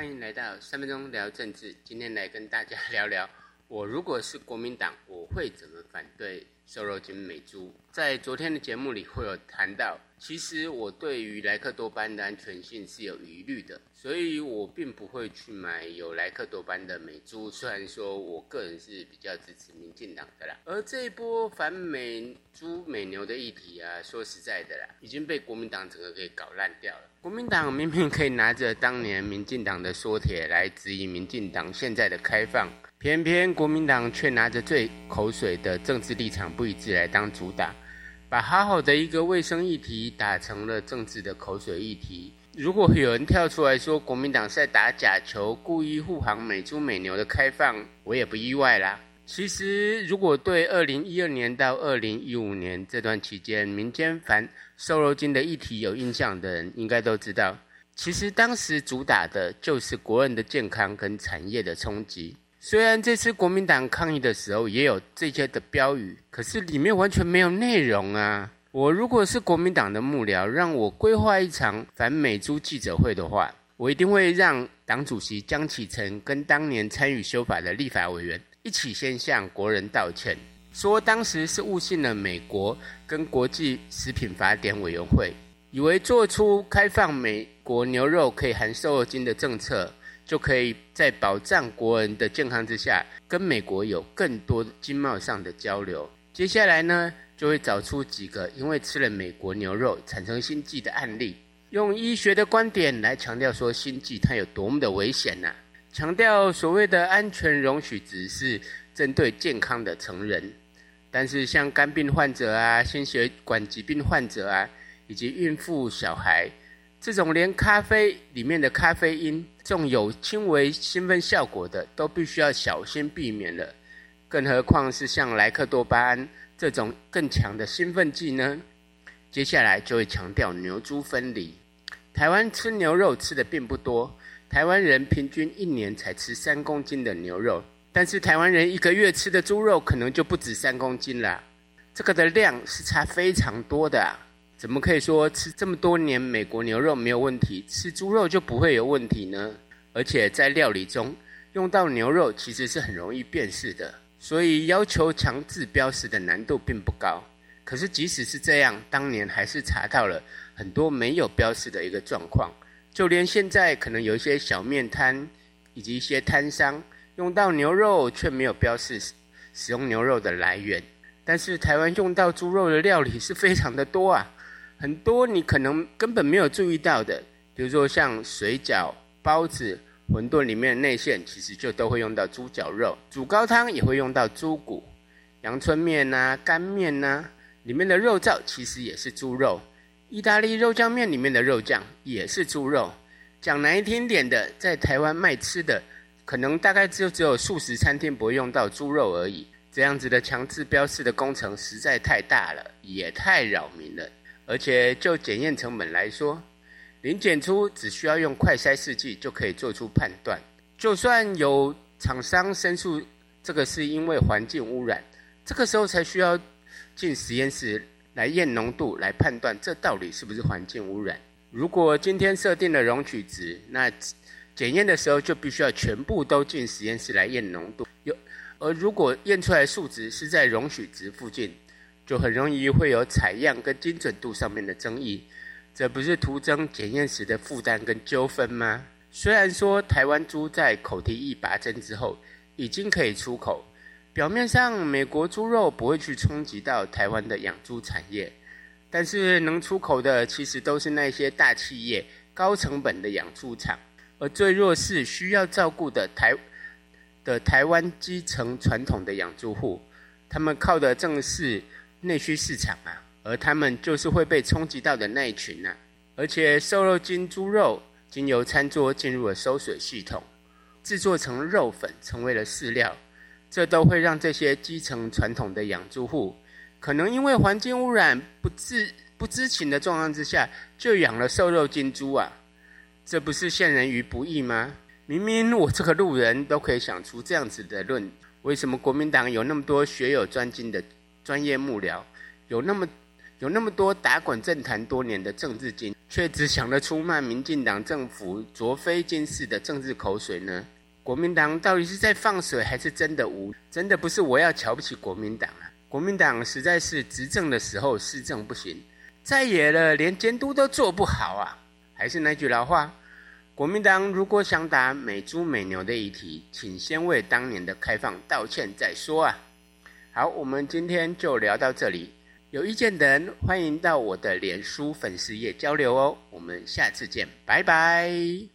歡迎來到三分鐘聊政治。今天來跟大家聊聊，我如果是國民黨，我會怎麼反對瘦肉精美豬，在昨天的節目裡會有談到，其實我對於萊克多巴的安全性是有疑慮的，所以我並不會去買有萊克多巴的美豬。雖然說我個人是比較支持民進黨的啦，而這一波反美豬美牛的議題啊，說實在的啦，已經被國民黨整個給搞爛掉了。國民黨明明可以拿着當年民進黨的說帖來質疑民進黨現在的開放，偏偏國民黨卻拿着最口水的政治立場不一致來當主打，把好好的一個衛生議題打成了政治的口水議題。如果有人跳出來說國民黨在打假球，故意護航美豬美牛的開放，我也不意外啦。其實，如果對二零一二年到二零一五年這段期間民間反瘦肉精的議題有印象的人，應該都知道，其實當時主打的就是國人的健康跟產業的衝擊。雖然這次國民黨抗議的時候也有這些的標語，可是裡面完全沒有內容啊！我如果是國民黨的幕僚，讓我規劃一場反美豬記者會的話，我一定會讓黨主席江啟臣跟當年參與修法的立法委員一起先向國人道歉，說當時是誤信了美國跟國際食品法典委員會，以為做出開放美國牛肉可以含瘦肉精的政策，就可以在保障國人的健康之下，跟美國有更多經貿上的交流。接下來呢，就會找出幾個因為吃了美國牛肉產生心悸的案例，用醫學的觀點來強調說心悸它有多麼的危險呢、啊？強調所謂的安全容許值是針對健康的成人，但是像肝病患者啊、心血管疾病患者啊，以及孕婦、小孩。這種連咖啡裡面的咖啡因，這種有輕微興奮效果的，都必須要小心避免了。更何況是像萊克多巴胺這種更強的興奮劑呢？接下來就會強調牛豬分離。台灣吃牛肉吃的並不多，台灣人平均一年才吃三公斤的牛肉，但是台灣人一個月吃的豬肉可能就不止三公斤了。這個的量是差非常多的啊。怎麼可以說吃這麼多年美國牛肉沒有問題，吃豬肉就不會有問題呢？而且在料理中用到牛肉其實是很容易辨識的，所以要求強制標示的難度並不高。可是即使是這樣，當年還是查到了很多沒有標示的一個狀況，就連現在可能有一些小麵攤以及一些攤商用到牛肉卻沒有標示使用牛肉的來源。但是台灣用到豬肉的料理是非常的多啊。很多你可能根本沒有注意到的，比如說像水餃、包子、餛飩裡面的內餡，其實就都會用到豬腳肉；煮高湯也會用到豬骨。陽春麵吶、啊、乾麵吶、啊，裡面的肉燥其實也是豬肉。意大利肉醬麵裡面的肉醬也是豬肉。講難聽點的，在台灣賣吃的，可能大概就只有素食餐廳不會用到豬肉而已。這樣子的強制標示的工程實在太大了，也太擾民了。而且就檢驗成本來說，零檢出只需要用快篩試劑就可以做出判斷。就算有廠商申訴這個是因為環境污染，這個時候才需要進實驗室來驗濃度，來判斷這到底是不是環境污染。如果今天設定了容許值，那檢驗的時候就必須要全部都進實驗室來驗濃度。有而如果驗出來數值是在容許值附近，就很容易會有採樣跟精準度上面的爭議，這不是徒增檢驗時的負擔跟糾紛嗎？雖然說台灣豬在口蹄疫拔針之後已經可以出口，表面上美國豬肉不會去衝擊到台灣的養豬產業，但是能出口的其實都是那些大企業、高成本的養豬場，而最弱勢、需要照顧的台的台灣基層傳統的養豬戶，他們靠的正是。內需市場啊，而他們就是會被衝擊到的那一群呢啊。而且瘦肉精豬肉經由餐桌進入了餿水系統，製作成肉粉成為了飼料，這都會讓這些基層傳統的養豬戶，可能因為環境污染不知不知情的狀況之下，就養了瘦肉精豬啊。這不是陷人於不義嗎？明明我這個路人都可以想出這樣子的論，為什麼國民黨有那麼多學有專精的？專業幕僚有那麼有那麼多打滾政壇多年的政治經，卻只想得出罵民進黨政府昨非今是的政治口水呢？國民黨到底是在放水還是真的無？真的不是我要瞧不起國民黨啊！國民黨實在是執政的時候施政不行，在野了連監督都做不好啊！還是那句老話，國民黨如果想打美豬美牛的議題，請先為當年的開放道歉再說啊！好，我們今天就聊到這裡。有意見的人，歡迎到我的臉書粉絲頁交流哦。我們下次見，拜拜。